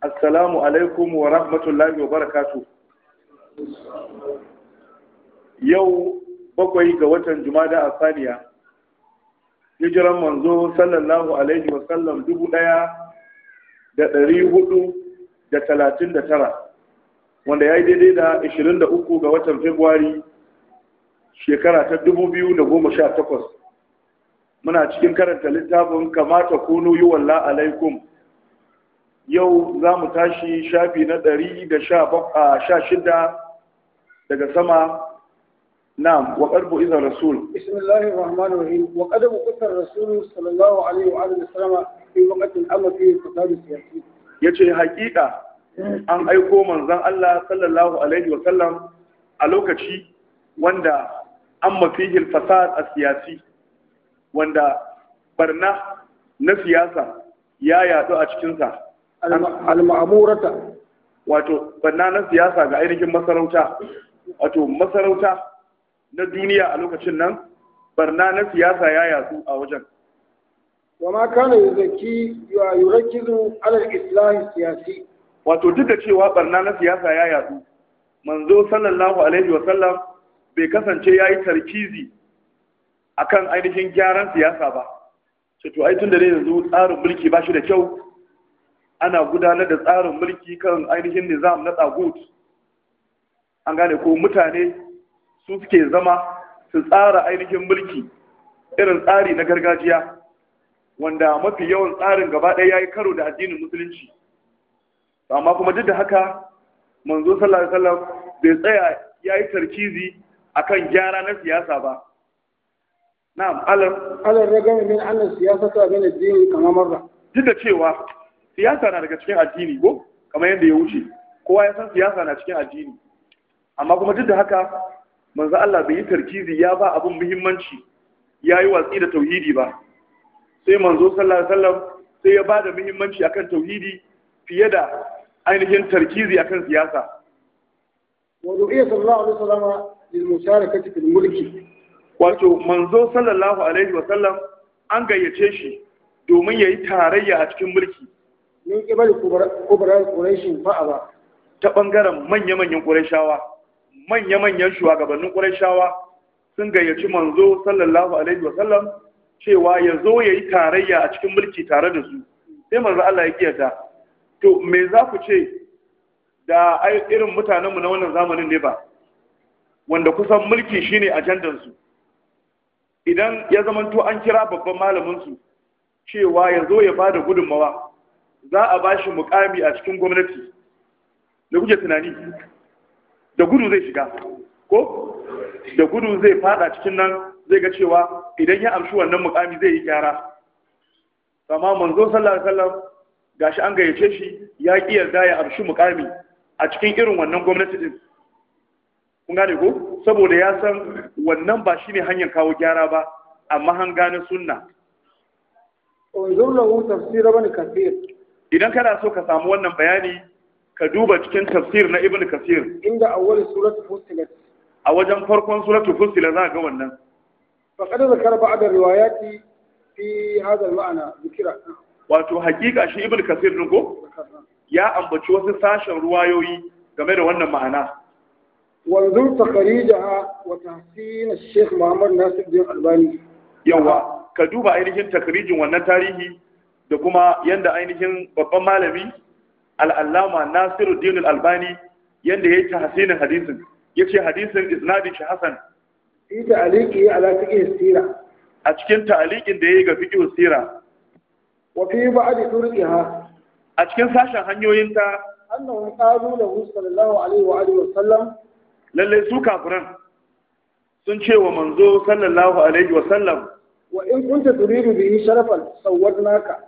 assalamu alaikum wa rahmatullahi wa barakatu yau bakwai ga watan jumada a saniya hijiran manzo sallallahu alaihi wa sallam dubu ɗaya da dari hudu da talatin da tara wanda ya yi daidai da ishirin da uku ga watan februari shekara ta dubu biyu da goma sha takwas muna cikin karanta littafin kamata kunu yi walla alaikum yau za mu tashi shafi na ɗari da sha shida daga sama na waƙar ƙarfi iza rasul bismillahir rahmanir rahim wa qadabu qasar rasul sallallahu alaihi wa alihi sallama fi waqtin amma fi fasad siyasi ce haƙiƙa an aiko manzon Allah sallallahu alaihi wa sallam a lokaci wanda an mafi al fasad siyasi wanda barna na siyasa ya yadu a cikin al maamurata wato banna na siyasa ga ainihin masarauta wato masarauta na duniya a lokacin nan barna na siyasa ya yatsu a wajen wama kana yuzaki yurakizu Alal islam siyasi wato duk da cewa barna na siyasa ya yatsu manzo sallallahu alaihi wasallam bai kasance yayi tarkizi akan ainihin gyaran siyasa ba to ai tun da yanzu tsarin mulki ba shi da kyau ana gudanar da tsarin mulki kan ainihin nizam na tsagut an gane ko mutane su suke zama su tsara ainihin mulki irin tsari na gargajiya wanda mafi yawan tsarin gaba ɗaya ya yi karo da addinin musulunci amma kuma duk da haka manzo sallallahu alaihi wasallam bai tsaya ya yi tarkizi akan gyara na siyasa ba na'am alar alar ragami min annas siyasa ta gane jini kamar marra duk da cewa siyasa na daga cikin addini ko kamar yadda ya wuce kowa ya san siyasa na cikin addini amma kuma duk da haka manzo Allah bai yi tarkizi ya ba abin muhimmanci ya yi watsi da tauhidi ba sai manzo sallallahu alaihi wasallam sai ya ba da muhimmanci akan tauhidi fiye da ainihin tarkizi akan siyasa wa ru'ya sallallahu alaihi wasallam lil musharakati fil mulki wato manzo sallallahu alaihi wasallam an gayyace shi domin yayi tarayya a cikin mulki min kibali kubra ƙorashin fa ba ta bangaren manya-manyan ƙorashawa. manya-manyan shugabannin ƙorashawa sun gayyaci manzo sallallahu alaihi wa sallam cewa ya zo ya yi tarayya a cikin mulki tare da su sai manzo Allah ya kiyata to me za ku ce da irin mutanenmu na wannan zamanin ne ba wanda kusan mulki shine ajandansu idan ya zamanto an kira babban malaminsu cewa ya zo ya bada gudunmawa za a ba shi mukami a cikin gwamnati da kuke tunani da gudu zai shiga ko da gudu zai fada cikin nan zai ga cewa idan ya amshi wannan mukami zai yi gyara amma manzo sallallahu alaihi wasallam gashi an gayyace shi ya ki yarda ya amshi mukami a cikin irin wannan gwamnati din kun gane ko saboda ya san wannan ba shine hanyar kawo gyara ba amma han gane sunna unzur lahu tafsir ibn kathir idan kana so ka samu wannan bayani ka duba cikin tafsir na ibn kasir inda awwal suratul fusilat a wajen farkon suratul fusilat za ga wannan faqad zakara da riwayati fi hada ma'ana zikira wato hakika shi ibn kasir din ko ya ambaci wasu sashen ruwayoyi game da wannan ma'ana ta kharijaha wa tahsin al-sheikh Muhammad Nasir bin Albani yawa ka duba ainihin takrijin wannan tarihi da kuma yanda ainihin babban malami al'allama nasiru dinul albani yanda ya yi tahasinin hadisin ya ce hadisin isnadin shi hasan fi ta'aliki ala fiqh sira a cikin ta'alikin da ya yi ga fiqh sira wa fi ba'd turqiha a cikin sashen hanyoyin ta annahum qalu lahu sallallahu alaihi wa alihi wa sallam lalle su kafiran sun ce wa manzo sallallahu alaihi wa sallam wa in kunta turidu bihi sharafan sawwadnaka